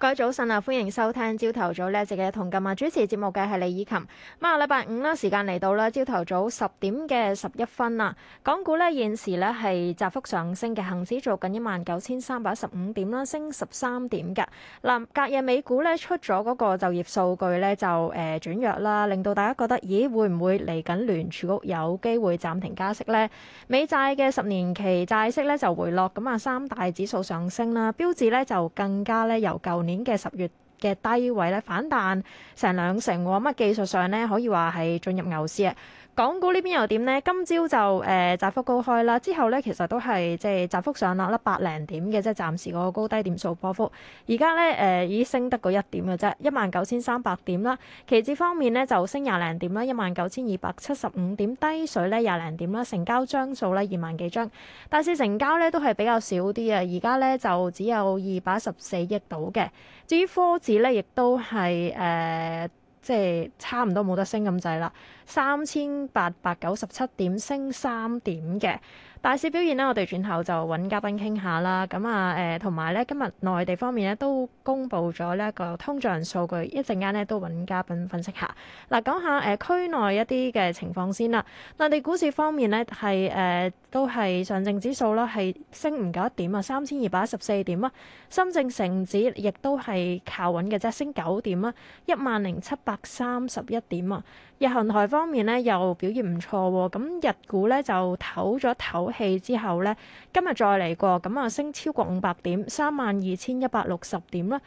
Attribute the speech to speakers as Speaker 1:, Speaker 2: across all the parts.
Speaker 1: 各位早晨啊，歡迎收聽朝頭早呢直一節嘅《同今啊！主持節目嘅係李以琴。咁啊，禮拜五啦，時間嚟到啦，朝頭早十點嘅十一分啊！港股呢，現時呢係窄幅上升嘅，恆指做緊一萬九千三百十五點啦，升十三點㗎。嗱，隔夜美股呢出咗嗰個就業數據呢，就誒轉、呃、弱啦，令到大家覺得咦會唔會嚟緊聯儲局有機會暫停加息呢？美債嘅十年期債息呢就回落，咁啊三大指數上升啦，標指呢就更加呢由舊年。年嘅十月嘅低位咧，反彈成兩成，乜、哦、技術上咧，可以話係進入牛市啊！港股呢邊又點呢？今朝就誒、呃、窄幅高開啦，之後呢，其實都係即係窄幅上落啦，百零點嘅，即係暫時嗰個高低點數波幅。而家呢誒、呃、已經升得個一點嘅啫，一萬九千三百點啦。期指方面呢，就升廿零點啦，一萬九千二百七十五點低水呢，廿零點啦。成交張數呢，二萬幾張，大市成交呢，都係比較少啲啊。而家呢，就只有二百一十四億到嘅。至於科指呢，亦都係誒、呃、即係差唔多冇得升咁滯啦。三千八百九十七點，升三點嘅。大市表現呢，我哋轉頭就揾嘉賓傾下啦。咁啊，誒同埋呢，今日內地方面呢都公布咗呢個通脹數據，一陣間呢都揾嘉賓分析下嗱、啊。講下誒、呃、區內一啲嘅情況先啦。內地股市方面呢，係誒、呃、都係上證指數啦，係升唔夠一點啊，三千二百一十四點啊。深證成指亦都係靠穩嘅啫，升九點啊，一萬零七百三十一點啊。日韓台方面咧又表現唔錯喎，咁、嗯、日股咧就唞咗唞氣之後咧，今日再嚟過，咁、嗯、啊升超過五百點，三萬二千一百六十點啦，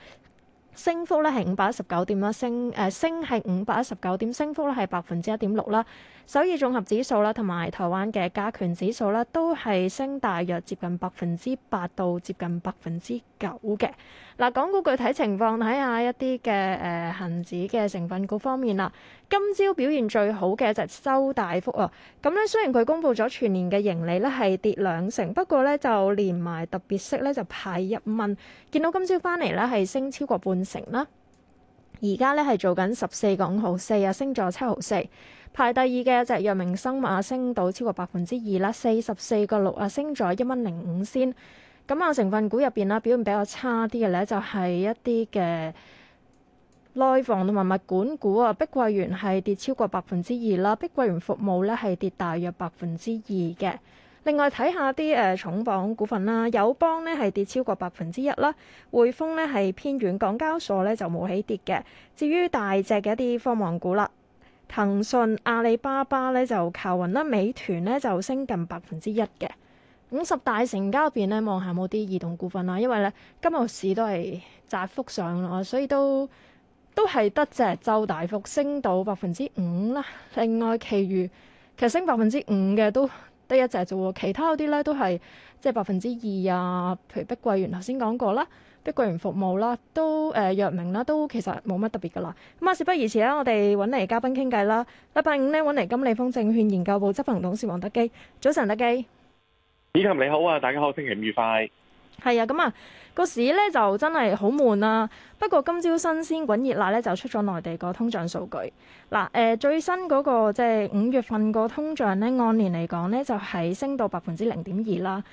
Speaker 1: 升幅咧係五百一十九點啦，升誒升係五百一十九點，升幅咧係百分之一點六啦。首爾綜合指數啦，同埋台灣嘅加權指數咧，都係升大約接近百分之八到接近百分之九嘅嗱。港股具體情況睇下一啲嘅誒恆指嘅成分股方面啦。今朝表現最好嘅就係周大福啊！咁、嗯、咧，雖然佢公布咗全年嘅盈利咧係跌兩成，不過咧就連埋特別息咧就派一蚊，見到今朝翻嚟咧係升超過半成啦。而家咧係做緊十四個五毫四啊，升咗七毫四。排第二嘅一隻藥明生物升到超過百分之二啦，四十四個六啊，升咗一蚊零五先。咁啊，成分股入邊啦，表現比較差啲嘅咧，就係、是、一啲嘅內房同埋物管股啊，碧桂園係跌超過百分之二啦，碧桂園服務咧係跌大約百分之二嘅。另外睇下啲誒重磅股份啦，友邦呢係跌超過百分之一啦，匯豐呢係偏軟，港交所呢就冇起跌嘅。至於大隻嘅一啲科網股啦。騰訊、阿里巴巴咧就靠勻啦，美團咧就升近百分之一嘅。五十大成交邊咧，望下有冇啲異動股份啦。因為咧今日市都係窄幅上落，所以都都係得隻周大幅升到百分之五啦。另外其餘，其餘其實升百分之五嘅都得一隻啫，其他嗰啲咧都係即係百分之二啊。譬如碧桂園頭先講過啦。碧桂園服務啦，都誒藥明啦，都其實冇乜特別噶啦。咁啊，事不宜遲、啊、啦，我哋揾嚟嘉賓傾偈啦。禮拜五呢，揾嚟金利豐證券研究部執行董事黃德幾，早晨，德幾。
Speaker 2: 李琴你好啊，大家好，星期五愉快。
Speaker 1: 係啊，咁啊，個市呢就真係好悶啊。不過今朝新鮮滾熱辣呢，就出咗內地個通脹數據。嗱、啊、誒、呃，最新嗰、那個即係五月份個通脹呢，按年嚟講呢，就係、是、升到百分之零點二啦。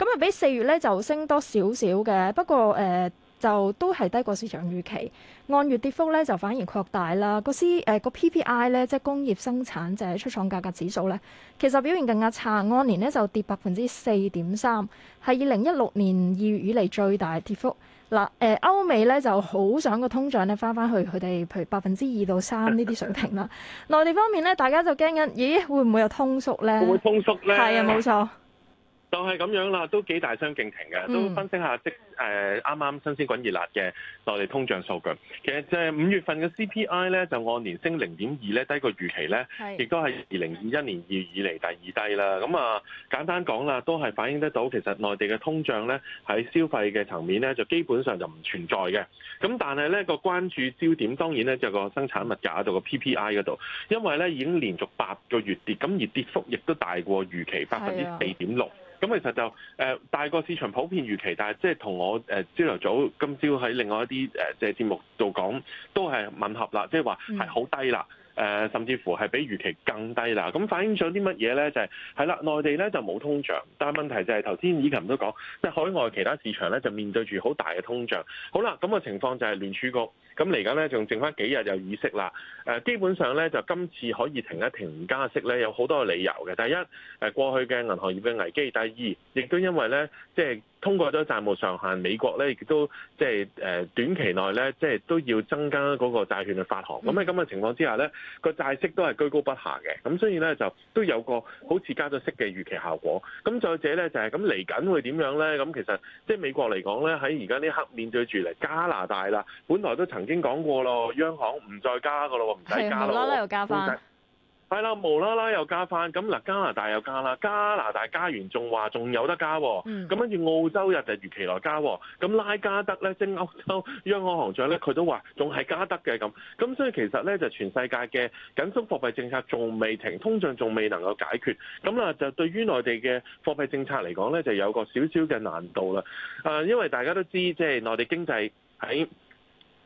Speaker 1: 咁啊，比四月咧就升多少少嘅，不過誒、呃、就都係低過市場預期。按月跌幅咧就反而擴大啦。個 C 誒個 PPI 咧，即係工業生產者出廠價格指數咧，其實表現更加差。按年咧就跌百分之四點三，係二零一六年二月以嚟最大跌幅。嗱、呃、誒，歐美咧就好想個通脹咧翻翻去佢哋譬如百分之二到三呢啲水平啦。 內地方面咧，大家就驚緊，咦會唔會有通縮咧？會，會通縮咧？係啊，冇錯。
Speaker 2: 就係咁樣啦，都幾大相徑庭嘅。都分析下即誒，啱啱新鮮滾熱辣嘅內地通脹數據。其實即係五月份嘅 CPI 咧，就按年升零點二咧，低過預期咧，亦都係二零二一年二月以嚟第二低啦。咁啊，簡單講啦，都係反映得到其實內地嘅通脹咧喺消費嘅層面咧，就基本上就唔存在嘅。咁但係咧，個關注焦點當然咧就係個生產物價度個 PPI 嗰度，因為咧已經連續八個月跌，咁而跌幅亦都大過預期，百分之四點六。的咁其實就誒、呃、大個市場普遍預期，但係即係同我誒朝頭早今朝喺另外一啲誒嘅節目度講，都係吻合啦，即係話係好低啦，誒、呃、甚至乎係比預期更低、就是、啦。咁反映咗啲乜嘢咧？就係係啦，內地咧就冇通脹，但係問題就係頭先以琴都講，即係海外其他市場咧就面對住好大嘅通脹。好啦，咁嘅情況就係聯儲局。咁嚟緊咧，仲剩翻幾日就議息啦。誒，基本上咧，就今次可以停一停加息咧，有好多嘅理由嘅。第一，誒過去嘅銀行業嘅危機；第二，亦都因為咧，即係。通過咗債務上限，美國咧亦都即係誒短期內咧，即係都要增加嗰個債券嘅發行。咁喺咁嘅情況之下咧，個債息都係居高不下嘅。咁所以咧就都有個好似加咗息嘅預期效果。咁再者咧就係咁嚟緊會點樣咧？咁其實即係美國嚟講咧，喺而家呢刻面對住嚟加拿大啦。本來都曾經講過咯，央行唔再加㗎咯，唔使加咯。係，又加翻。哦加係啦，無啦啦又加翻，咁嗱加拿大又加啦，加拿大加完仲話仲有得加，哦，咁，嗯、跟住澳洲日就如期來加，哦，咁拉加德咧，升歐洲央行行長咧，佢都話仲係加得嘅咁，咁所以其實咧就全世界嘅緊縮貨幣政策仲未停，通脹仲未能夠解決，咁啦就對於內地嘅貨幣政策嚟講咧，就有個少少嘅難度啦，啊、呃，因為大家都知即係，就是，內地經濟喺，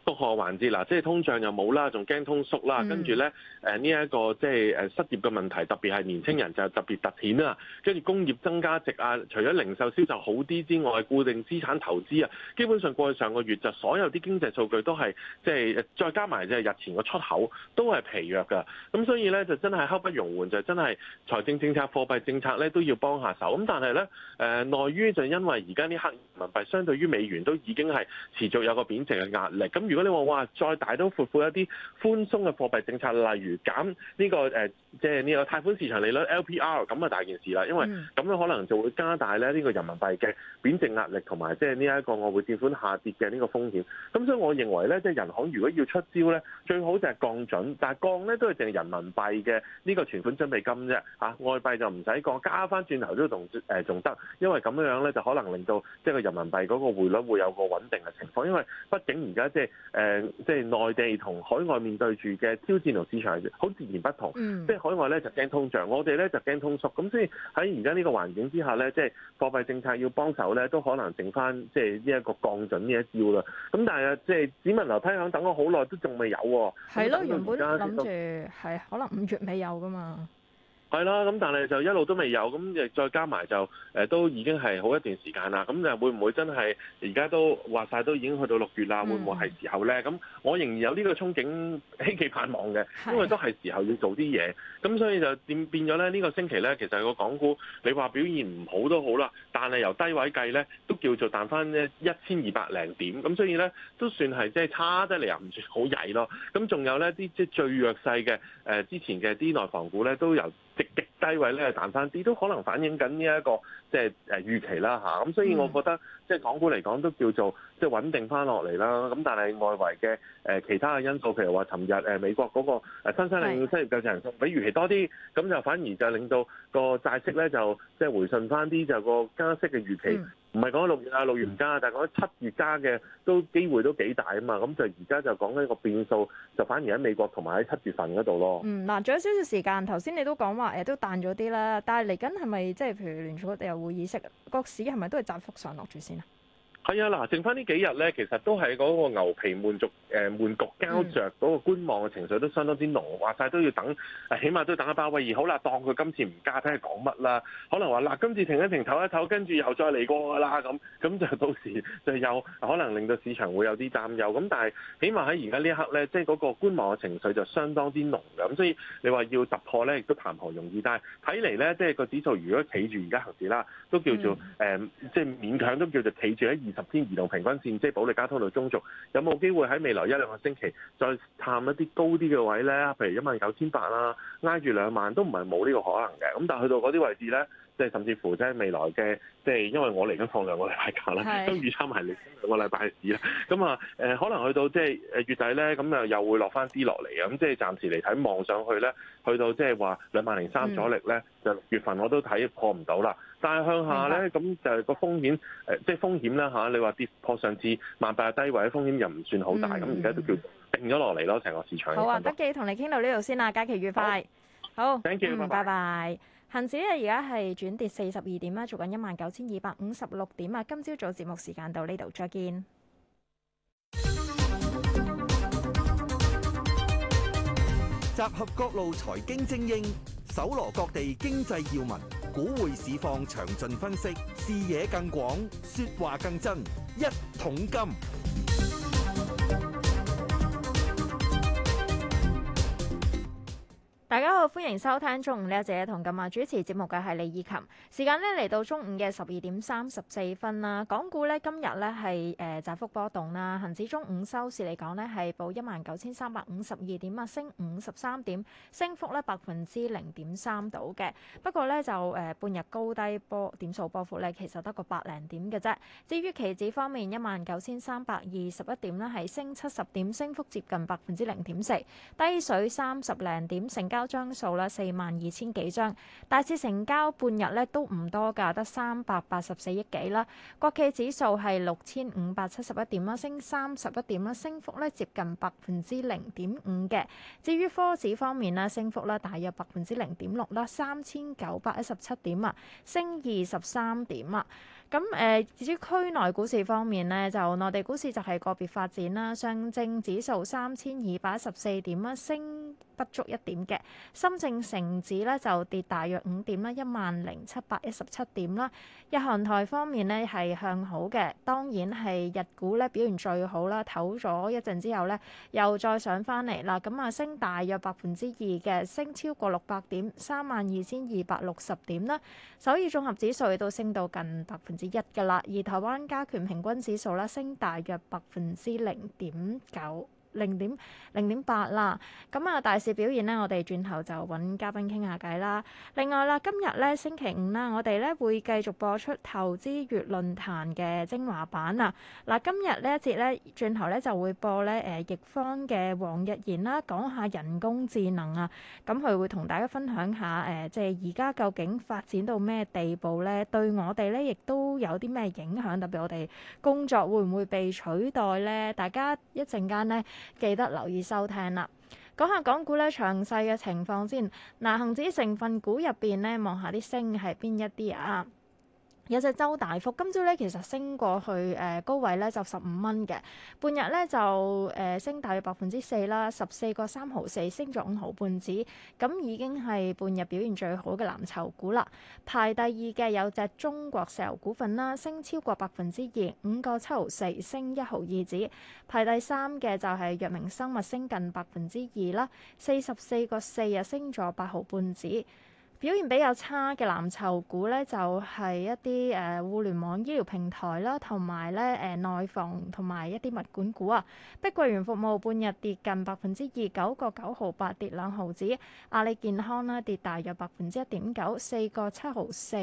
Speaker 2: 複合環節啦，即係通脹又冇啦，仲驚通縮啦，跟住咧誒呢一個即係誒失業嘅問題，特別係年青人就特別突顯啦。跟住工業增加值啊，除咗零售銷售好啲之外，固定資產投資啊，基本上過去上個月就所有啲經濟數據都係即係再加埋即係日前個出口都係疲弱㗎。咁所以咧就真係刻不容緩，就真係財政政策、貨幣政策咧都要幫下手。咁但係咧誒內於就因為而家呢黑人民幣相對於美元都已經係持續有個貶值嘅壓力，咁如果你話哇，再大刀闊斧一啲寬鬆嘅貨幣政策，例如減呢、呢個誒，呃即係呢個貸款市場利率 LPR 咁啊大件事啦，因為咁樣可能就會加大咧呢、這個人民幣嘅貶值壓力，同埋即係呢一個外匯佔款下跌嘅呢個風險。咁所以我認為咧，即、就、係、是、人行如果要出招咧，最好就係降準，但係降咧都係淨係人民幣嘅呢個存款準備金啫。嚇、啊，外幣就唔使降，加翻轉頭都仲誒仲得，因為咁樣咧就可能令到即係個人民幣嗰個匯率會有個穩定嘅情況。因為畢竟而家即係誒即係內地同海外面對住嘅挑戰同市場好截然不同，即係。海外咧就驚通脹，我哋咧就驚通縮。咁所以喺而家呢個環境之下咧，即係貨幣政策要幫手咧，都可能剩返即係呢一個降準呢一招啦。咁但係即係只聞樓梯響，等咗好耐都仲未有喎。
Speaker 1: 係咯的，原本諗住係可能五月尾有㗎嘛。
Speaker 2: 係啦，咁但係就一路都未有，咁亦再加埋就誒都已經係好一段時間啦。咁就會唔會真係而家都話晒，都已經去到六月啦？嗯、會唔會係時候咧？咁我仍然有呢個憧憬、希冀、盼望嘅，因為都係時候要做啲嘢。咁的所以就變變咗咧，呢個星期咧，其實個港股你話表現唔好都好啦，但係由低位計咧，都叫做彈翻一千二百零點。咁所以咧，都算係即係差得嚟又唔算好曳咯。咁仲有咧啲即係最弱勢嘅誒，之前嘅啲內房股咧都有。積極低位咧，彈翻啲都可能反映緊呢一個即係誒預期啦吓咁，啊，所以我覺得、嗯、即係港股嚟講都叫做。即係穩定翻落嚟啦，咁但係外圍嘅誒其他嘅因素，譬如話尋日誒美國嗰個新申請失業救濟人數比預期多啲，咁是就反而就令到個債息咧就即係回順翻啲，就個加息嘅預期唔係講緊六月啊，六月唔加，嗯、但係講七月加嘅都機會都幾大啊嘛，咁就而家就講呢個變數就反而喺美國同埋喺七月份嗰度咯。嗯，
Speaker 1: 嗱，仲有少少時間，頭先你都講話誒都淡咗啲啦，但係嚟緊係咪即係譬如聯儲局又會議息，個市係咪都係窄幅上落住先啊？
Speaker 2: 係啊，嗱，剩翻呢幾日咧，其實都係嗰個牛皮悶續，誒、嗯，悶局膠着。嗰個觀望嘅情緒都相當之濃。話晒都要等，起碼都等下鮑威爾好啦，當佢今次唔加，睇佢講乜啦。可能話嗱，今次停一停，唞一唞，跟住又再嚟過㗎啦，咁，咁就到時就有可能令到市場會有啲擔憂。咁但係起碼喺而家呢一刻咧，即係嗰個觀望嘅情緒就相當之濃嘅。咁所以你話要突破咧，亦都談何容易。但係睇嚟咧，即、就、係、是、個指數如果企住而家行事啦，都叫做誒，即係、嗯、勉強都叫做企住喺十天移動平均線即係保力加通道中軸，有冇機會喺未來一兩個星期再探一啲高啲嘅位呢？譬如一萬九千八啦，挨住兩萬都唔係冇呢個可能嘅。咁但係去到嗰啲位置呢？即係甚至乎，即係未來嘅，即係因為我嚟緊放兩個禮拜假啦，是都預測埋你兩個禮拜嘅市啦，咁啊，誒可能去到即係誒月底咧，咁啊又會落翻啲落嚟啊，咁即係暫時嚟睇望上去咧，去到即係話兩萬零三阻力咧，就、嗯、六月份我都睇破唔到啦。但係向下咧，咁、嗯、就個風險誒，即、就、係、是、風險啦嚇。你話跌破上次萬八低位嘅風險又唔算好大，咁而家都叫定咗落嚟咯，成個市場。好，啊，德
Speaker 1: 幾同你傾到呢度先啦，假期愉快。好，嗯好，Thank you, 拜拜。恒指啊，而家係轉跌四十二點啊，做緊一萬九千二百五十六點啊。今朝早節目時間到呢度，再見。
Speaker 3: 集合各路財經精英，搜羅各地經濟要聞，股匯市況詳盡分析，視野更廣，説話更真，
Speaker 2: 一桶金。
Speaker 1: 大家好，歡迎收聽中午叻姐同金馬主持節目嘅係李以琴。時間呢，嚟到中午嘅十二點三十四分啦。港股呢今日呢係誒窄幅波動啦。恒指中午收市嚟講呢係報一萬九千三百五十二點啊，升五十三點，升幅咧百分之零點三度嘅。不過呢就誒、呃、半日高低波點數波幅呢其實得個百零點嘅啫。至於期指方面，一萬九千三百二十一點呢係升七十點，升幅接近百分之零點四，低水三十零點，成交。張數咧四萬二千幾張，大市成交半日咧都唔多噶，得三百八十四億幾啦。國企指數係六千五百七十一點啦，升三十一點啦，升幅咧接近百分之零點五嘅。至於科指方面啦，升幅咧大約百分之零點六啦，三千九百一十七點啊，升二十三點啊。咁誒，至於區內股市方面咧，就內地股市就係個別發展啦。上證指數三千二百一十四點啦，升不足一點嘅。深證成指咧就跌大約五點啦，一萬零七百一十七點啦。日韓台方面咧係向好嘅，當然係日股咧表現最好啦。唞咗一陣之後咧，又再上翻嚟啦。咁啊，升大約百分之二嘅，升超過六百點，三萬二千二百六十點啦。首爾綜合指數亦都升到近百分之一嘅啦，而台灣加權平均指數啦升大約百分之零點九。零點零點八啦，咁啊大市表現呢，我哋轉頭就揾嘉賓傾下偈啦。另外啦，今日咧星期五啦，我哋咧會繼續播出投資月論壇嘅精華版啊。嗱，今日呢一節咧，轉頭呢，頭就會播呢誒易方嘅黃日賢啦，講下人工智能啊。咁佢會同大家分享下誒、呃，即係而家究竟發展到咩地步呢？對我哋呢，亦都有啲咩影響？特別我哋工作會唔會被取代呢？大家一陣間呢。記得留意收聽啦。講下港股咧詳細嘅情況先。嗱，恒指成分股入邊咧，望下啲升係邊一啲啊？有隻周大福今朝咧其實升過去誒、呃、高位咧就十五蚊嘅，半日咧就誒、呃、升大約百分之四啦，十四個三毫四，升咗五毫半子，咁已經係半日表現最好嘅藍籌股啦。排第二嘅有隻中國石油股份啦，升超過百分之二，五個七毫四，升一毫二子。排第三嘅就係藥明生物，升近百分之二啦，四十四個四啊，升咗八毫半子。表現比較差嘅藍籌股咧，就係、是、一啲誒、呃、互聯網醫療平台啦，同埋咧誒內房同埋一啲物管股啊。碧桂園服務半日跌近百分之二九個九毫八，跌兩毫子。阿里健康咧跌大約百分之一點九四個七毫四，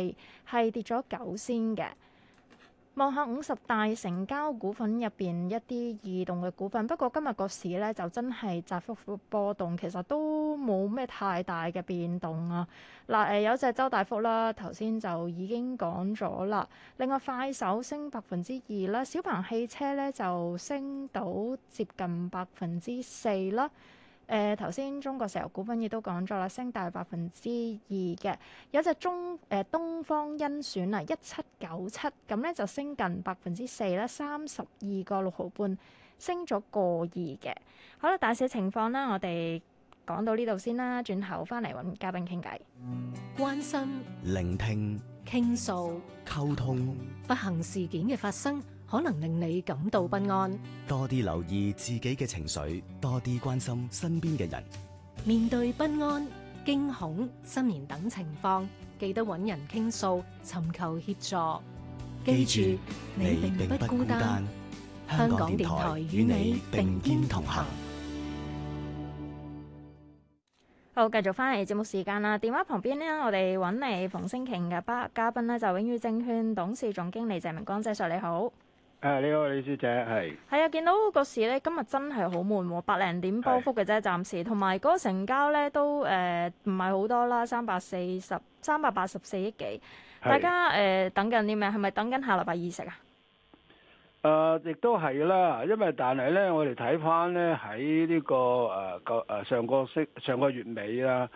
Speaker 1: 係跌咗九先嘅。望下五十大成交股份入邊一啲異動嘅股份，不過今日個市咧就真係窄幅波動，其實都冇咩太大嘅變動啊！嗱、啊，誒有隻周大福啦，頭先就已經講咗啦。另外快手升百分之二啦，小鵬汽車咧就升到接近百分之四啦。誒頭先中國石油股份亦都講咗啦，升大百分之二嘅。有隻中，誒東方甄選啊，一七九七咁咧就升近百分之四啦，三十二個六毫半，升咗個二嘅。好啦，大市情況咧，我哋講到呢度先啦，轉頭翻嚟揾嘉賓傾偈。關心聆聽傾訴溝通，不幸事件嘅發生，可能令你感到不安，
Speaker 3: 多啲留意自己嘅情緒，多啲關心身邊嘅人。
Speaker 1: 面對不安、驚恐、失眠等情況，記得揾人傾訴，尋求協助。記住，你並不孤單。香港電台與你
Speaker 3: 並肩同行。
Speaker 1: 好，繼續翻嚟節目時間啦。電話旁邊呢，我哋揾嚟逢星期嘅八嘉賓呢，就永宇證券董事總經理謝明光姐叔，你好。
Speaker 4: 誒、啊，你好，李小姐，係
Speaker 1: 係啊，見到個市咧，今日真係好悶，百零點波幅嘅啫，暫時是，同埋嗰個成交咧都誒唔係好多啦，三百四十三百八十四億幾，是大家誒、呃、等緊啲咩？係咪等緊下禮拜二食啊？
Speaker 4: 誒、呃，亦都係啦，因為但係咧，我哋睇翻咧喺呢、這個誒舊誒上個息上個月尾啦，啊、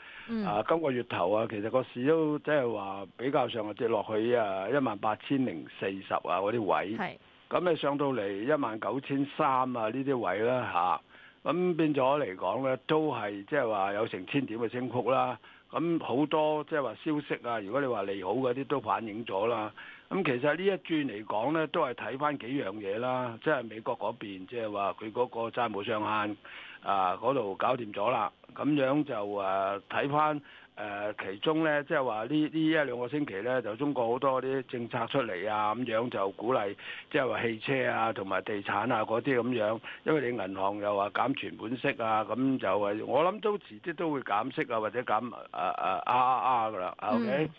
Speaker 4: 呃、今個月頭啊，其實個市都即係話比較上落跌落去啊一萬八千零四十啊嗰啲位。咁你上到嚟一萬九千三啊呢啲位啦嚇，咁變咗嚟講呢，都係即係話有成千點嘅升幅啦。咁、啊、好多即係話消息啊，如果你話利好嗰啲都反映咗啦。咁、啊、其實呢一轉嚟講呢，都係睇翻幾樣嘢啦，即、啊、係、就是、美國嗰邊，即係話佢嗰個債務上限啊嗰度搞掂咗啦，咁、啊、樣就誒睇翻。啊誒，其中呢，即係話呢呢一兩個星期呢，就中國好多啲政策出嚟啊，咁樣就鼓勵，即係話汽車啊，同埋地產啊嗰啲咁樣。因為你銀行又話減存款息啊，咁就係我諗都遲啲都會減息啊，或者減誒誒啊啊㗎喇，ok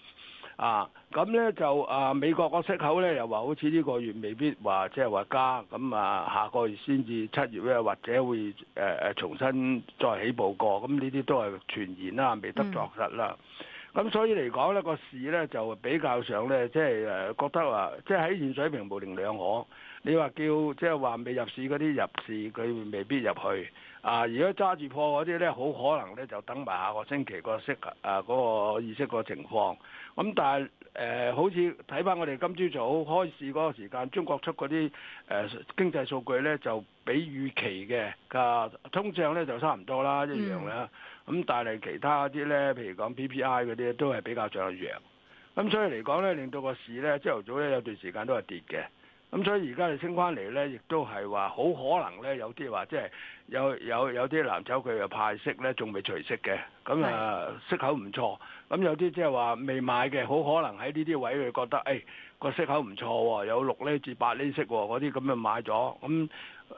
Speaker 4: 啊，咁呢就啊，美國個息口呢，又話好似呢個月未必話即係話加，咁啊下個月先至七月呢，或者會誒誒、呃、重新再起步過，咁呢啲都係傳言啦，未得作實啦。咁、嗯、所以嚟講呢個市呢，就比較上呢，即係誒覺得話即係喺現水平模稜兩可。你話叫即係話未入市嗰啲入市，佢未必入去。啊！如果揸住破嗰啲呢，好可能呢就等埋下個星期個息、啊嗰個息啊嗰個意識個情況。咁、嗯、但係誒、呃，好似睇翻我哋今朝早開市嗰個時間，中國出嗰啲誒經濟數據呢，就比預期嘅，啊通脹呢就差唔多啦一樣啦。咁、嗯嗯、但係其他啲呢，譬如講 PPI 嗰啲都係比較漲得弱。咁、嗯、所以嚟講呢，令到個市呢朝頭早呢有段時間都係跌嘅。咁所以而家你升翻嚟咧，亦都係話好可能咧，有啲話即係有有有啲藍籌，佢嘅派息咧，仲未除息嘅咁啊，息口唔錯。咁有啲即係話未買嘅，好可能喺呢啲位佢覺得誒、哎、個息口唔錯喎、哦，厘哦啊、有六釐至八釐息喎，嗰啲咁就買咗咁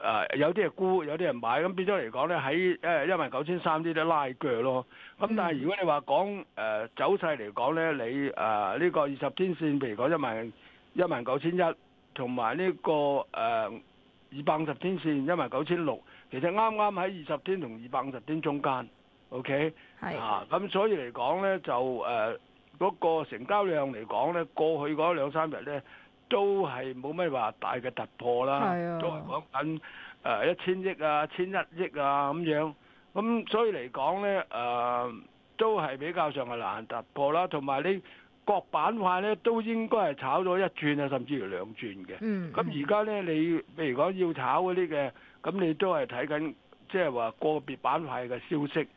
Speaker 4: 誒。有啲係沽，有啲人買咁變咗嚟講咧喺誒一萬九千三啲都拉腳咯。咁、嗯、但係如果你話講誒走勢嚟講咧，你誒、啊、呢個二十天線譬如講一萬一萬九千一。同埋呢個誒二百五十天線一萬九千六，96，其實啱啱喺二十天同二百五十天中間，OK，嚇咁的、啊、所以嚟講呢，就誒嗰、呃那個成交量嚟講呢，過去嗰兩三日呢，都係冇咩話大嘅突破啦，的都係講緊誒一千億啊、千一億啊咁樣。咁所以嚟講呢，誒、呃、都係比較上係難突破啦，同埋呢。各板塊咧都應該係炒咗一轉啊，甚至乎兩轉嘅。咁而家咧，你譬如講要炒嗰啲嘅，咁你都係睇緊即係話個別板塊嘅消息。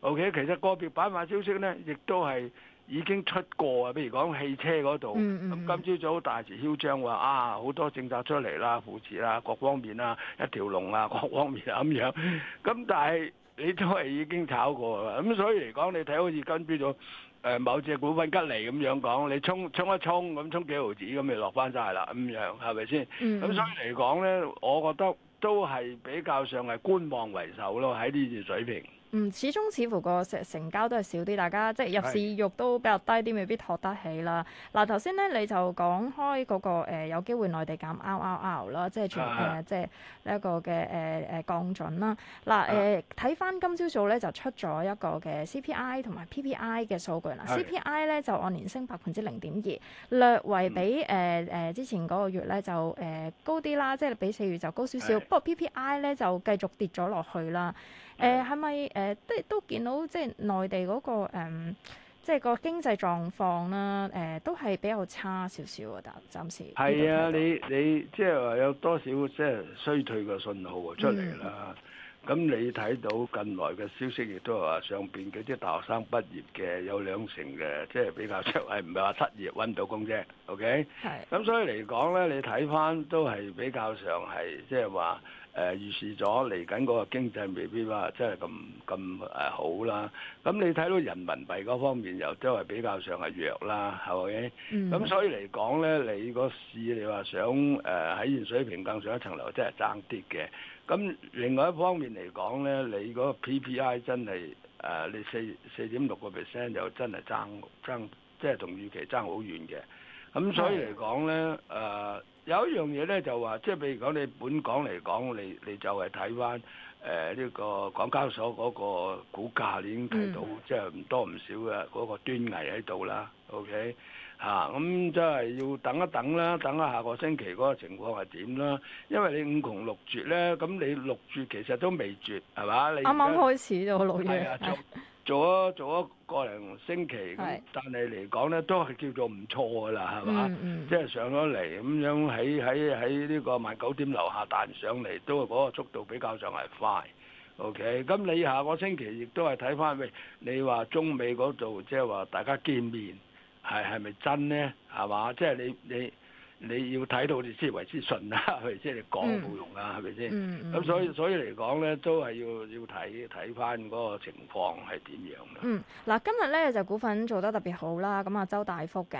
Speaker 4: OK，其實個別板塊消息咧，亦都係已經出過比、嗯嗯嗯、啊。譬如講汽車嗰度，咁今朝早大肆囂張話啊，好多政策出嚟啦，扶持啦，各方面啦、啊，一條龍啦，各方面咁、啊、樣。咁、啊、但係你都係已經炒過啦。咁所以嚟講，你睇好似跟住咗。誒某隻股份吉利咁樣講，你衝衝一衝，咁衝幾毫子咁咪落翻晒啦，咁樣係咪先？咁、mm hmm. 嗯、所以嚟講咧，我覺得都係比較上係觀望為首咯，喺呢條水平。
Speaker 1: 嗯，始終似乎個成成交都係少啲，大家即係入市欲都比較低啲，未必托得起啦。嗱、啊，頭先咧你就講開嗰、那個、呃、有機會內地減 RRR 啦，即係全誒即係呢一個嘅誒誒降準啦。嗱誒，睇、呃、翻今朝早咧就出咗一個嘅 CPI 同埋 PPI 嘅數據啦。是 CPI 咧就按年升百分之零點二，略為比誒誒、嗯呃、之前嗰個月咧就誒、呃、高啲啦，即係比四月就高少少。是不過 PPI 咧就繼續跌咗落去啦。誒係咪誒都都見到即係內地嗰、那個、嗯、即係個經濟狀況啦？誒、呃、都係比較差少少啊。但係暫時係啊，
Speaker 4: 你你即係話有多少即係、就是、衰退嘅信號出嚟啦？咁、嗯、你睇到近來嘅消息亦都話上邊嗰啲大學生畢業嘅有兩成嘅即係比較出位，唔係話失業揾唔到工啫。OK 係咁，所以嚟講咧，你睇返都係比較上係即係話。誒預示咗嚟緊嗰個經濟未必話，真係咁咁誒好啦。咁你睇到人民幣嗰方面又都係比較上係弱啦，係咪？咁所以嚟講呢，你個市你話想誒喺、呃、現水平更上一層樓，真係爭啲嘅。咁另外一方面嚟講呢，你嗰個 PPI 真係誒你四四點六個 percent 又真係爭爭，即係同預期爭好遠嘅。咁所以嚟講呢。誒、mm. 呃。有一樣嘢咧，就話即係譬如講你本港嚟講，你你就係睇翻誒呢個港交所嗰個股價，你已經睇到，嗯、即係唔多唔少嘅嗰個端倪喺度啦。OK 嚇、啊，咁、嗯、即係要等一等啦，等下個星期嗰個情況係點啦？因為你五窮六絕咧，咁你六絕其實都未絕係嘛？你啱啱
Speaker 1: 開始就六月。
Speaker 4: 做咗做咗個零星期，是但係嚟講呢都係叫做唔錯噶啦，係嘛？Mm hmm. 即係上咗嚟咁樣喺喺喺呢個萬九點樓下彈上嚟，都係嗰個速度比較上係快。OK，咁你下個星期亦都係睇翻喂，你話中美嗰度即係話大家見面係係咪真呢？係嘛？即係你你。你你要睇到你先為之信啦，係咪先？講冇用啊，係咪先？咁所以所以嚟講咧，都係要要睇睇翻嗰個情況係點樣嘅。
Speaker 1: 嗯，嗱，今日咧就股份做得特別好啦。咁啊，周大福嘅，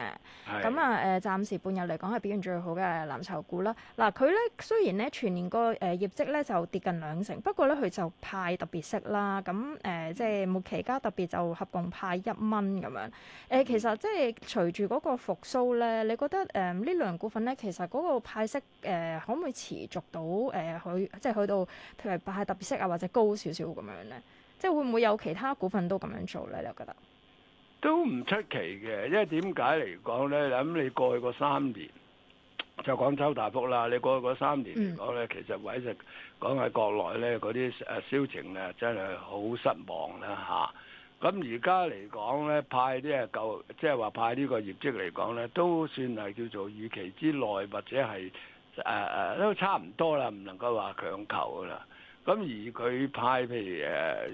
Speaker 1: 咁啊誒，暫時半日嚟講係表現最好嘅藍籌股啦。嗱，佢咧雖然咧全年個誒業績咧就跌近兩成，不過咧佢就派特別息啦。咁誒，即係末期加特別就合共派一蚊咁樣。誒，其實即係隨住嗰個復甦咧，你覺得誒呢兩？股份咧，其實嗰個派息誒、呃，可唔可以持續到誒、呃、去，即係去到譬如派特別息啊，或者高少少咁樣咧？即係會唔會有其他股份都咁樣做咧？你覺得
Speaker 4: 都唔出奇嘅，因為點解嚟講咧？諗你過去嗰三年就周大福啦，你過去嗰三年嚟講咧，嗯、其實委實講喺國內咧嗰啲誒銷情咧，真係好失望啦嚇。啊。咁而家嚟講咧，派啲啊舊即係話派呢個業績嚟講咧，都算係叫做預期之內，或者係誒誒都差唔多啦，唔能夠話強求噶啦。咁而佢派譬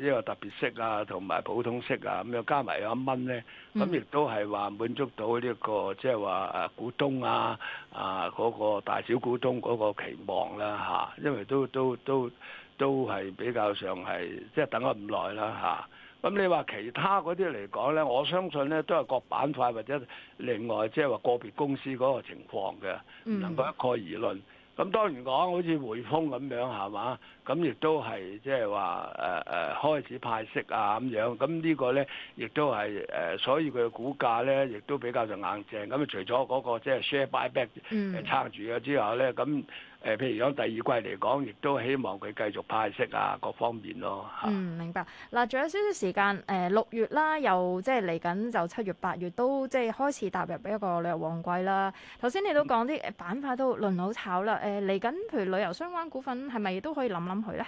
Speaker 4: 如誒一個特別息啊，同埋普通息啊，咁又加埋一蚊咧，咁亦都係話滿足到呢個即係話誒股東啊啊嗰個大小股東嗰個期望啦嚇，因為都都都都係比較上係即係等咗咁耐啦嚇。啊咁你話其他嗰啲嚟講呢，我相信呢都係各板塊或者另外即係話個別公司嗰個情況嘅，唔能夠一概而論。咁當然講好似匯豐咁樣係嘛，咁亦都係即係話誒誒開始派息啊咁樣。咁呢個呢，亦都係誒、呃，所以佢嘅股價呢，亦都比較硬就硬淨。咁除咗嗰個即係 share buyback 撐住咗之後呢。咁、嗯。誒，譬如講第二季嚟講，亦都希望佢繼續派息啊，各方面咯。
Speaker 1: 嗯，明白。嗱，仲有少少時間，誒、呃、六月啦，又即係嚟緊就七月、八月都即係開始踏入一個旅遊旺季啦。頭先你都講啲板塊都輪好炒啦。誒、呃，嚟緊譬如旅遊相關股份，係咪亦都可以諗諗佢咧？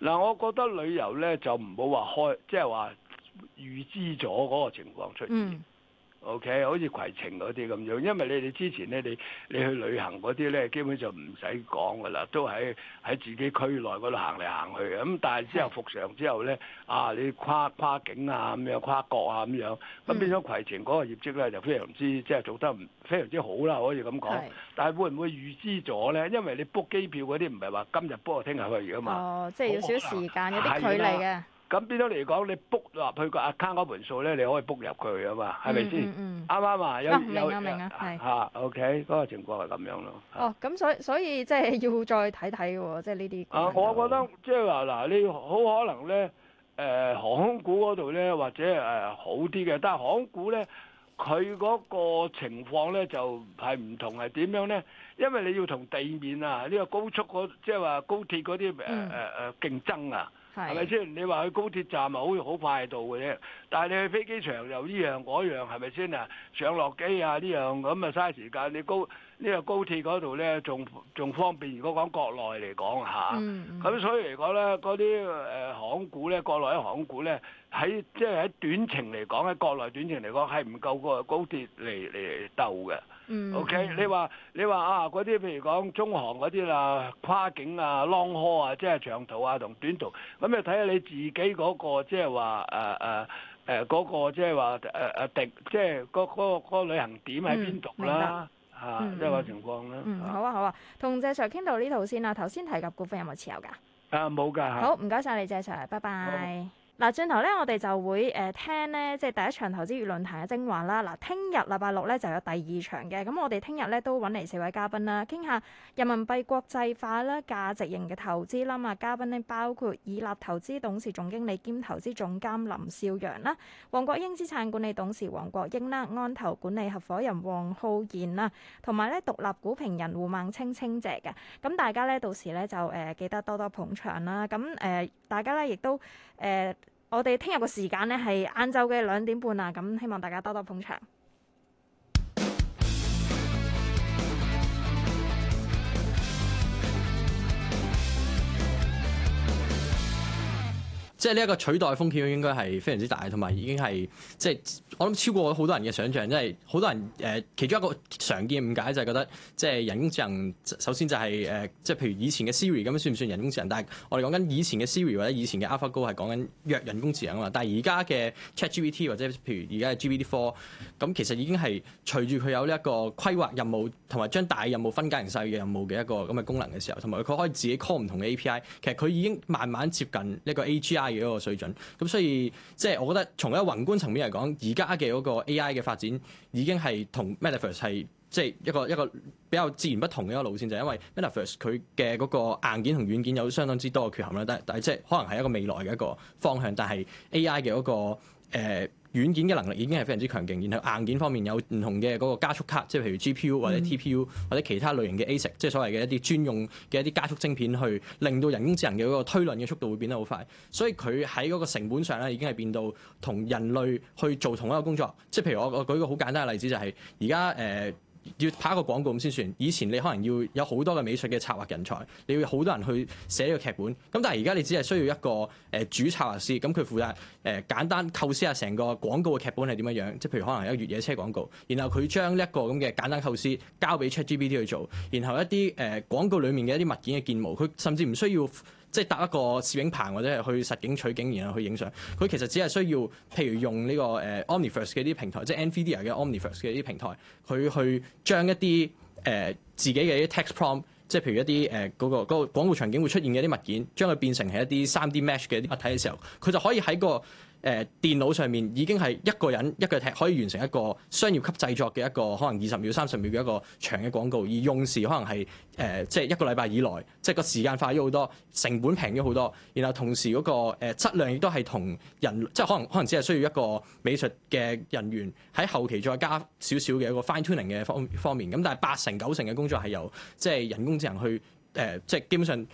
Speaker 4: 嗱、嗯，我覺得旅遊咧就唔好話開，即係話預知咗嗰個情況出現。OK，好似攜程嗰啲咁樣，因為你哋之前咧，你你去旅行嗰啲咧，基本上唔使講噶啦，都喺喺自己區內嗰度行嚟行去。咁但係之後復常之後咧，啊，你跨跨境啊咁樣，跨國啊咁樣，咁變咗攜程嗰個業績咧就非常之即係做得唔非常之好啦，可以咁講。是但係會唔會預知咗咧？因為你 book 機票嗰啲唔係話今日 book 聽日去㗎嘛。哦，oh，即
Speaker 1: 係要少少時間，oh，有啲距離嘅。咁
Speaker 4: 變咗嚟講？你 book 落佢個 account 嗰盤數咧，你可以 book 入佢啊嘛，係咪先？啱、嗯、啱、嗯、啊？有明啊，明啊，係有。嚇，OK，嗰個情況係咁樣咯。
Speaker 1: 哦，咁所以所以即係要再睇睇喎，即係呢啲。啊，我
Speaker 4: 覺得即係話嗱，你好可能咧，誒、呃、航空股嗰度咧，或者誒、呃、好啲嘅，但係航空股咧，佢嗰個情況咧就係唔同，係點樣咧？因為你要同地面啊，呢、這個高速嗰即係話高鐵嗰啲誒誒誒競爭啊。呃係咪先？你話去高鐵站咪好好快到嘅啫，但係你去飛機場又呢樣嗰樣係咪先啊？上落機啊呢樣咁啊嘥時間。你高呢、這個高鐵嗰度咧，仲仲方便。如果講國內嚟講嚇，咁、啊嗯、所以嚟講咧，嗰啲誒航股咧，國內啲航股咧，喺即係喺短程嚟講喺國內短程嚟講係唔夠個高鐵嚟嚟鬥嘅。嗯，OK you say, you say,、ah, ас, these, right。你話你話啊，嗰啲譬如講中航嗰啲啦，跨境啊、long haul 啊，即係長途啊同短途，咁你睇下你自己嗰個即係話誒誒誒嗰個即係話誒誒定即係嗰嗰個旅行點喺邊度啦嚇，即係話情況啦。好
Speaker 1: 啊，好啊。同謝 Sir 傾到呢度先啦。頭先提及股份有冇持有㗎？啊、
Speaker 4: like ja.，冇㗎、yeah.。好、so,，唔
Speaker 1: 該晒你，謝 Sir。拜拜。Ba 嗱，轉頭咧，我哋就會誒聽咧，即係第一場投資月論壇嘅精華啦。嗱，聽日禮拜六咧就有第二場嘅，咁我哋聽日咧都揾嚟四位嘉賓啦，傾下人民幣國際化啦、價值型嘅投資啦。啊，嘉賓咧包括以立投資董事總經理兼投資總監林少陽啦，黃國英資產管理董事黃國英啦，安投管理合伙人黃浩然啦，同埋咧獨立股評人胡孟青青姐嘅。咁大家咧到時咧就誒、呃、記得多多捧場啦。咁、呃、誒，大家咧亦都誒。呃我哋聽日嘅時間咧係晏晝嘅兩點半啊，咁希望大家多多捧場。
Speaker 3: 即係呢一個取代風險應該係非常之大，同埋已經係即係我諗超過好多人嘅想象，因為好多人誒、呃、其中一個常見誤解就係覺得即係人工智能首先就係、是、誒、呃、即係譬如以前嘅 Siri 咁樣算唔算人工智能？但係我哋講緊以前嘅 Siri 或者以前嘅 AlphaGo 係講緊弱人工智能啊嘛。但係而家嘅 ChatGPT 或者譬如而家嘅 GPT-four 咁，其實已經係隨住佢有呢一個規劃任務同埋將大任務分解成細嘅任務嘅一個咁嘅功能嘅時候，同埋佢可以自己 call 唔同嘅 API，其實佢已經慢慢接近呢個 AGI。嘅一個水準，咁所以即係、就是、我覺得從一個宏觀層面嚟講，而家嘅嗰個 AI 嘅發展已經係同 MetaVerse 係即係、就是、一個一個比較自然不同嘅一個路線，就係、因為 MetaVerse 佢嘅嗰個硬件同軟件有相當之多嘅缺陷啦。但係但係即係可能係一個未來嘅一個方向，但係 AI 嘅嗰、嗰個、呃軟件嘅能力已經係非常之強勁，然後硬件方面有唔同嘅嗰個加速卡，即係譬如 GPU 或者 TPU 或者其他類型嘅 ASIC，即係所謂嘅一啲專用嘅一啲加速晶片，去令到人工智能嘅嗰個推論嘅速度會變得好快。所以佢喺嗰個成本上咧，已經係變到同人類去做同一個工作。即係譬如我我舉個好簡單嘅例子，就係，就係而家誒。呃要拍一個廣告咁先算。以前你可能要有好多嘅美術嘅策劃人才，你要好多人去寫個劇本。咁但係而家你只係需要一個誒、呃、主策劃師，咁佢負責誒、呃、簡單構思下成個廣告嘅劇本係點樣樣，即係譬如可能係一個越野車廣告，然後佢將呢一個咁嘅簡單構思交俾 ChatGPT 去做，然後一啲誒、呃、廣告裡面嘅一啲物件嘅建模，佢甚至唔需要。即係搭一個攝影棚或者係去實景取景，然後去影相。佢其實只係需要，譬如用呢、這個誒、呃、Omniverse 嘅啲平台，即係 NVIDIA 嘅 Omniverse 嘅啲平台，佢去將一啲誒、呃、自己嘅一啲 text prompt，即係譬如一啲誒嗰個嗰、那個廣告場景會出現嘅啲物件，將佢變成係一啲三 D match 嘅啲物體嘅時候，佢就可以喺個。誒電腦上面已經係一個人一腳踢，可以完成一個商業級製作嘅一個可能二十秒、三十秒嘅一個長嘅廣告，而用時可能係誒即係一個禮拜以內，即係個時間快咗好多，成本平咗好多。然後同時嗰個誒質量亦都係同人，即係可能可能只係需要一個美術嘅人員喺後期再加少少嘅一個 fine tuning 嘅方方面。咁但係八成九成嘅工作係由即係人工智能去誒，即係基本上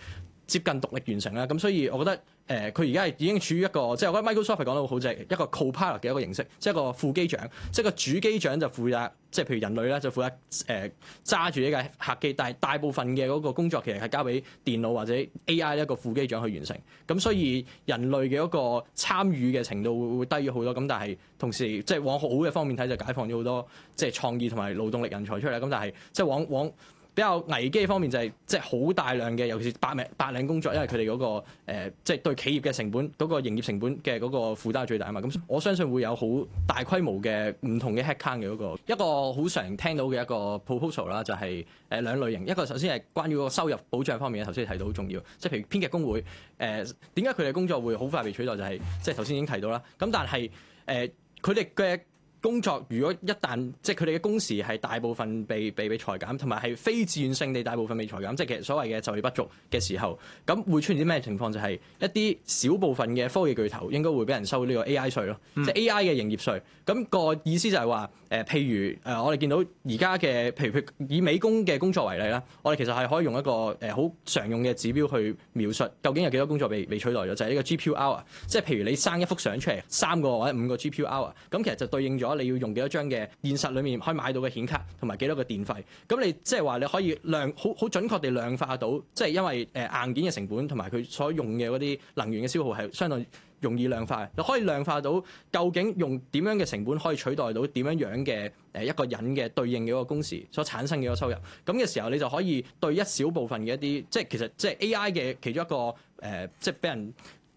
Speaker 3: 接近獨立完成啦。咁所以我覺得。誒佢而家係已經處於一個即係我覺得 Microsoft 講得好，就係、是、一個 copilot 嘅一個形式，即係一個副機長，即係個主機長就負責，即係譬如人類咧就負責誒揸住呢架客機，但係大部分嘅嗰個工作其實係交俾電腦或者 AI 一個副機長去完成，咁所以人類嘅一個參與嘅程度會會低咗好多，咁但係同時即係往好嘅方面睇就解放咗好多，即係創意同埋勞動力人才出嚟，咁但係即係往往。往比較危機方面就係即係好大量嘅，尤其是白領白領工作，因為佢哋嗰個即係、呃就是、對企業嘅成本嗰、那個營業成本嘅嗰個負擔最大嘛。咁我相信會有好大規模嘅唔同嘅 head count 嘅嗰個一個好常聽到嘅一個 proposal 啦、就是，就係誒兩類型，一個首先係關於個收入保障方面嘅，頭先提到好重要，即係譬如編劇工會誒，點解佢哋工作會好快被取代？就係即係頭先已經提到啦。咁但係誒，佢哋嘅工作如果一旦即係佢哋嘅工時係大部分被被被裁減同埋係非自願性地大部分被裁減，即係其實所謂嘅就業不足嘅時候，咁會出現啲咩情況？就係、是、一啲小部分嘅科技巨頭應該會俾人收呢個 A.I. 稅咯，即係 A.I. 嘅營業稅。咁、那個意思就係話誒譬如誒我哋見到而家嘅，譬如、呃、譬如以美工嘅工作為例啦，我哋其實係可以用一個誒好常用嘅指標去描述究竟有幾多工作被被取代咗，就係、是、呢個 G.P.U. hour，即係譬如你生一幅相出嚟三個或者五個 G.P.U. hour，咁其實就對應咗。你要用幾多張嘅現實裡面可以買到嘅顯卡，同埋幾多個電費。咁你即係話你可以量好好準確地量化到，即係因為誒、呃、硬件嘅成本同埋佢所用嘅嗰啲能源嘅消耗係相當容易量化嘅。你可以量化到究竟用點樣嘅成本可以取代到點樣樣嘅誒一個人嘅對應嘅一個工時所產生嘅一個收入。咁嘅時候，你就可以對一小部分嘅一啲，即係其實即係 AI 嘅其中一個誒、呃，即係俾人。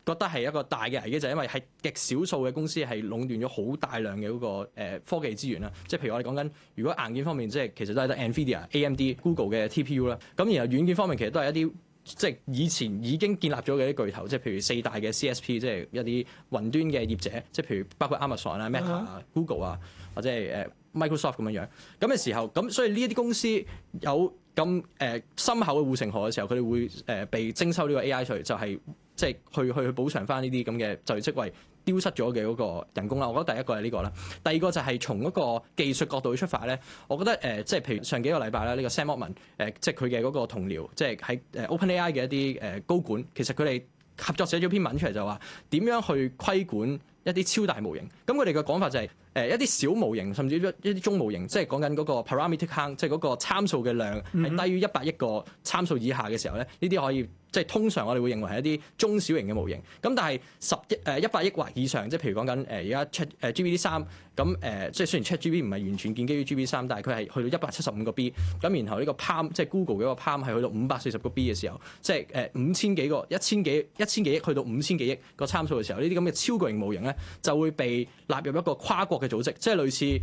Speaker 3: 覺得係一個大嘅危機，就係因為係極少數嘅公司係壟斷咗好大量嘅嗰個科技資源啦。即係譬如我哋講緊，如果硬件方面，即係其實都係得 NVIDIA、AMD、Google 嘅 TPU 啦。咁然後軟件方面，其實都係一啲即係以前已經建立咗嘅啲巨頭，即係譬如四大嘅 CSP，即係一啲雲端嘅業者，即係譬如包括 Amazon 啊、Meta 啊、Google 啊，或者係誒 Microsoft 咁樣樣。咁嘅時候，咁所以呢一啲公司有咁誒、呃、深厚嘅護城河嘅時候，佢哋會誒、呃、被徵收呢個 AI 稅，就係、係。即係去去去補償返呢啲咁嘅就職、是、位丟失咗嘅嗰個人工啊！我覺得第一個係呢、這個啦，第二個就係從嗰個技術角度去出發咧。我覺得誒，即、呃、係譬如上幾個禮拜啦，呢、這個 Sam Altman、呃、即係佢嘅嗰個同僚，即係喺 OpenAI 嘅一啲誒高管，其實佢哋合作寫咗篇文出嚟，就話點樣去規管一啲超大模型。咁佢哋嘅講法就係、是、誒、呃、一啲小模型，甚至一啲中模型，即係講緊嗰個 parameter 即係嗰個參數嘅量係低於一百億個參數以下嘅時候咧，呢啲、mm hmm. 可以。即係通常我哋會認為係一啲中小型嘅模型，咁但係十億誒、呃、一百億或以上，即係譬如講緊誒而家 Chat 誒 GPT 三，咁誒即係雖然 ChatGPT 唔係完全建基於 GPT 三，但係佢係去到一百七十五個 B，咁然後呢個 Palm，即係 Google 嘅個 Palm 係去到五百四十個 B 嘅時候，即係誒五千幾個一千幾一千幾億去到五千幾億個參數嘅時候，呢啲咁嘅超巨型模型咧就會被納入一個跨國嘅組織，即係類似誒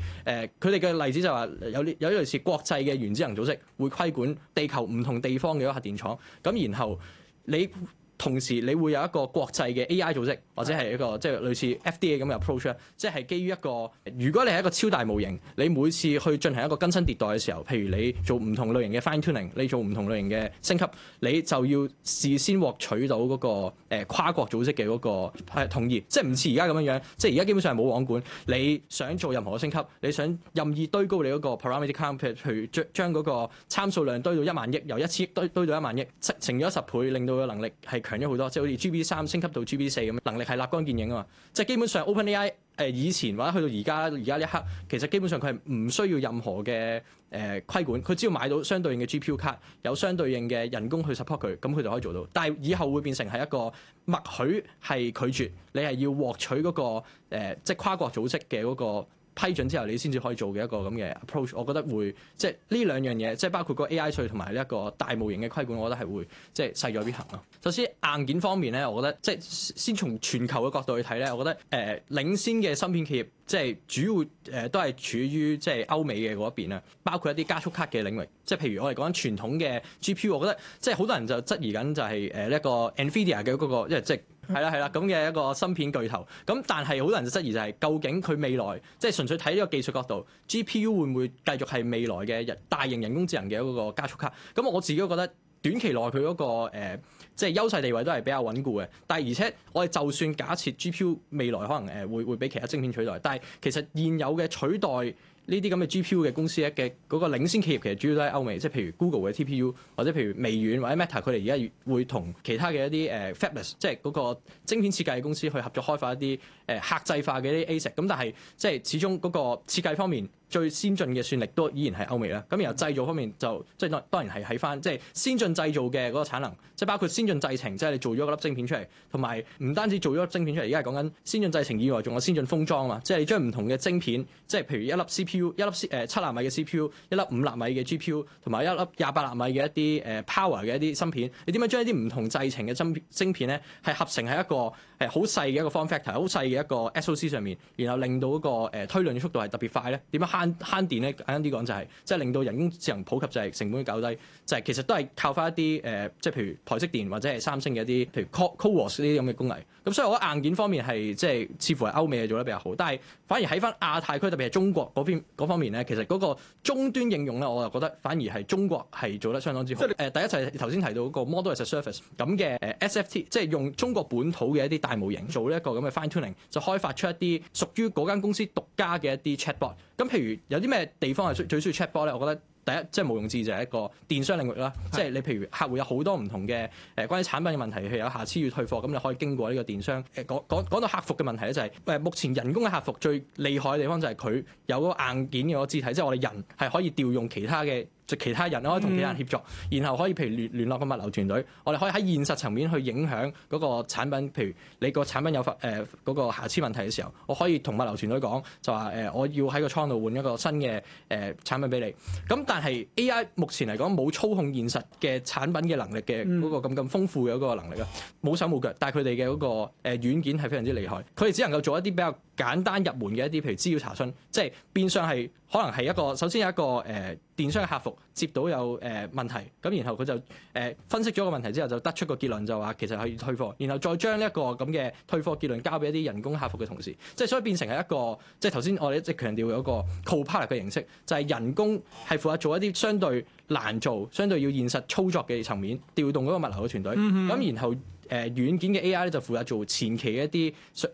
Speaker 3: 佢哋嘅例子就話有有，有類似國際嘅原子能組織會規管地球唔同地方嘅核電廠，咁然後。然後你，同時你會有一個國際嘅 AI 組織，或者係一個即係類似 FDA 咁嘅 approach，即係基於一個如果你係一個超大模型，你每次去進行一個更新迭代嘅時候，譬如你做唔同類型嘅 fine tuning，你做唔同類型嘅升級，你就要事先獲取到嗰、那個誒、呃、跨國組織嘅嗰、那個係、呃、同意，即係唔似而家咁樣樣，即係而家基本上係冇網管。你想做任何嘅升級，你想任意堆高你嗰個 parameter，c 譬如將將嗰個參數量堆到一萬億由一千億堆堆到一萬億，成咗十倍，令到嘅能力係。強咗好多，即係好似 GB 三升級到 GB 四咁，能力係立竿見影啊嘛！即係基本上 OpenAI 誒、呃、以前或者去到而家，而家呢一刻其實基本上佢係唔需要任何嘅誒、呃、規管，佢只要買到相對應嘅 GPU 卡，有相對應嘅人工去 support 佢，咁佢就可以做到。但係以後會變成係一個默許係拒絕你係要獲取嗰、那個、呃、即係跨國組織嘅嗰、那個批准之後，你先至可以做嘅一個咁嘅 approach，我覺得會即係呢兩樣嘢，即係包括個 AI 稅同埋呢一個大模型嘅規管，我覺得係會即係勢在必行咯。首先硬件方面咧，我覺得即係先從全球嘅角度去睇咧，我覺得誒、呃、領先嘅芯片企業即係主要誒、呃、都係處於即係歐美嘅嗰一邊啦，包括一啲加速卡嘅領域，即係譬如我哋講緊傳統嘅 GPU，我覺得即係好多人就質疑緊就係誒呢一個 NVIDIA 嘅嗰、嗰個，因為即係。係啦係啦，咁嘅一個芯片巨頭，咁但係好多人質疑就係、是、究竟佢未來，即係純粹睇呢個技術角度，GPU 會唔會繼續係未來嘅大型人工智能嘅一個加速卡？咁我自己都覺得短期內佢嗰、嗰個、呃、即係優勢地位都係比較穩固嘅。但係而且我哋就算假設 GPU 未來可能誒會、呃、會俾其他晶片取代，但係其實現有嘅取代。呢啲咁嘅 GPU 嘅公司咧嘅嗰個領先企業其實主要都係歐美，即係譬如 Google 嘅 TPU，或者譬如微軟或者 Meta，佢哋而家會同其他嘅一啲誒 Fabless，即係嗰個晶片設計嘅公司去合作開發一啲誒客製化嘅一啲 ASIC。咁但係即係始終嗰個設計方面。最先進嘅算力都依然係歐美啦，咁然後製造方面就即係當然係喺翻即係先進製造嘅嗰個產能，即係包括先進製程，即係你做咗粒晶片出嚟，同埋唔單止做咗粒晶片出嚟，而家係講緊先進製程以外，仲有先進封裝啊嘛，即係你將唔同嘅晶片，即係譬如一粒 CPU、呃、PU，一粒誒七納米嘅 CPU、一粒五納米嘅 GPU，同埋一粒廿八納米嘅一啲誒 Power 嘅一啲芯片，你點樣將一啲唔同製程嘅晶晶片咧，係合成係一個？係好細嘅一個 form factor，好細嘅一個 SOC 上面，然後令到一、那個、呃、推論嘅速度係特別快咧。點樣慳慳電咧？簡單啲講就係、是、即係令到人工智能普及就係成本搞低，就係、是、其實都係靠翻一啲誒、呃，即係譬如台積電或者係三星嘅一啲，譬如 CoWoS 呢啲咁嘅工藝。咁所以我覺得硬件方面係即係似乎係歐美做得比較好，但係反而喺翻亞太區特別係中國嗰邊嗰方面咧，其實嗰個終端應用咧，我就覺得反而係中國係做得相當之好。誒、呃，第一就係頭先提到嗰個 model as a service, s e r f a c e 咁嘅誒 SFT，即係用中國本土嘅一啲大模型做呢一個咁嘅 fine tuning，就開發出一啲屬於嗰間公司獨家嘅一啲 chatbot。咁譬如有啲咩地方係最需要 chatbot 咧？我覺得第一即係無用字就係、是、一個電商領域啦。的即係你譬如客戶有好多唔同嘅誒、呃、關於產品嘅問題，譬如有瑕疵要退貨，咁你可以經過呢個電商誒、呃、講講講到客服嘅問題咧、就是，就係誒目前人工嘅客服最厲害嘅地方就係佢有個硬件嘅個字體，即係我哋人係可以調用其他嘅。就其他人可以同其他人協作，然後可以譬如聯聯絡個物流團隊，我哋可以喺現實層面去影響嗰個產品。譬如你個產品有發誒嗰、呃、那個瑕疵問題嘅時候，我可以同物流團隊講，就話誒、呃、我要喺個倉度換一個新嘅誒、呃、產品俾你。咁但係 AI 目前嚟講冇操控現實嘅產品嘅能力嘅嗰、那個咁咁豐富嘅嗰個能力啊，冇手冇腳，但係佢哋嘅嗰個誒軟件係非常之厲害，佢哋只能夠做一啲比較。簡單入門嘅一啲，譬如資料查詢，即係變相係可能係一個，首先有一個誒、呃、電商客服接到有誒、呃、問題，咁然後佢就誒、呃、分析咗個問題之後，就得出個結論就話其實係要退貨，然後再將呢、這個、一個咁嘅退貨結論交俾一啲人工客服嘅同事，即係所以變成係一個，即係頭先我哋一直強調嗰個 co-pilot 嘅形式，就係、是、人工係負責做一啲相對難做、相對要現實操作嘅層面，調動嗰個物流嘅團隊，咁、mm hmm. 然後。誒軟件嘅 AI 咧就負責做前期一啲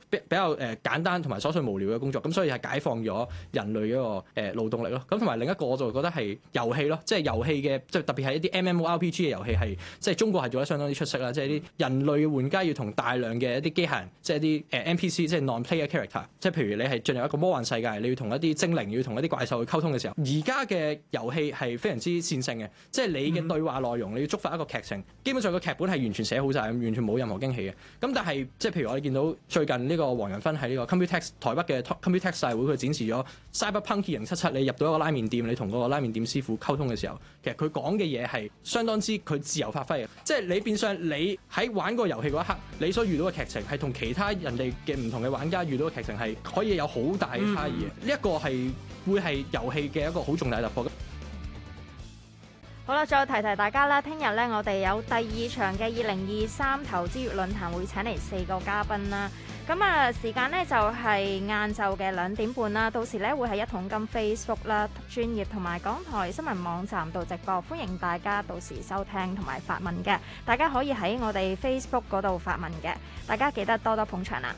Speaker 3: 比較誒簡單同埋瑣碎無聊嘅工作，咁所以係解放咗人類嗰個誒勞動力咯。咁同埋另一個我就覺得係遊戲咯，即係遊戲嘅即係特別係一啲 MMORPG 嘅遊戲係即係中國係做得相當之出色啦。即係啲人類玩家要同大量嘅一啲機械人，即係啲誒 NPC，即係 non-player character，即係譬如你係進入一個魔幻世界，你要同一啲精靈要同一啲怪獸去溝通嘅時候，而家嘅遊戲係非常之線性嘅，即係你嘅對話內容你要觸發一個劇情，基本上個劇本係完全寫好晒。咁，完全。冇任何驚喜嘅，咁但係即係譬如我哋見到最近呢個黃仁勳喺呢個 Computex 台北嘅 Computex 大會，佢展示咗 Cyberpunk 2077，你入到一個拉麵店，你同嗰個拉麵店師傅溝通嘅時候，其實佢講嘅嘢係相當之佢自由發揮嘅，即係你變相你喺玩個遊戲嗰一刻，你所遇到嘅劇情係同其他人哋嘅唔同嘅玩家遇到嘅劇情係可以有好大嘅差異，呢、這個、一個係會係遊戲嘅一個好重大突破。
Speaker 1: 好啦，再提提大家啦，聽日咧我哋有第二場嘅二零二三投資月論壇，會請嚟四個嘉賓啦。咁啊，時間咧就係晏晝嘅兩點半啦。到時咧會喺一桶金 Facebook 啦、專業同埋港台新聞網站度直播，歡迎大家到時收聽同埋發問嘅。大家可以喺我哋 Facebook 嗰度發問嘅，大家記得多多捧場啦。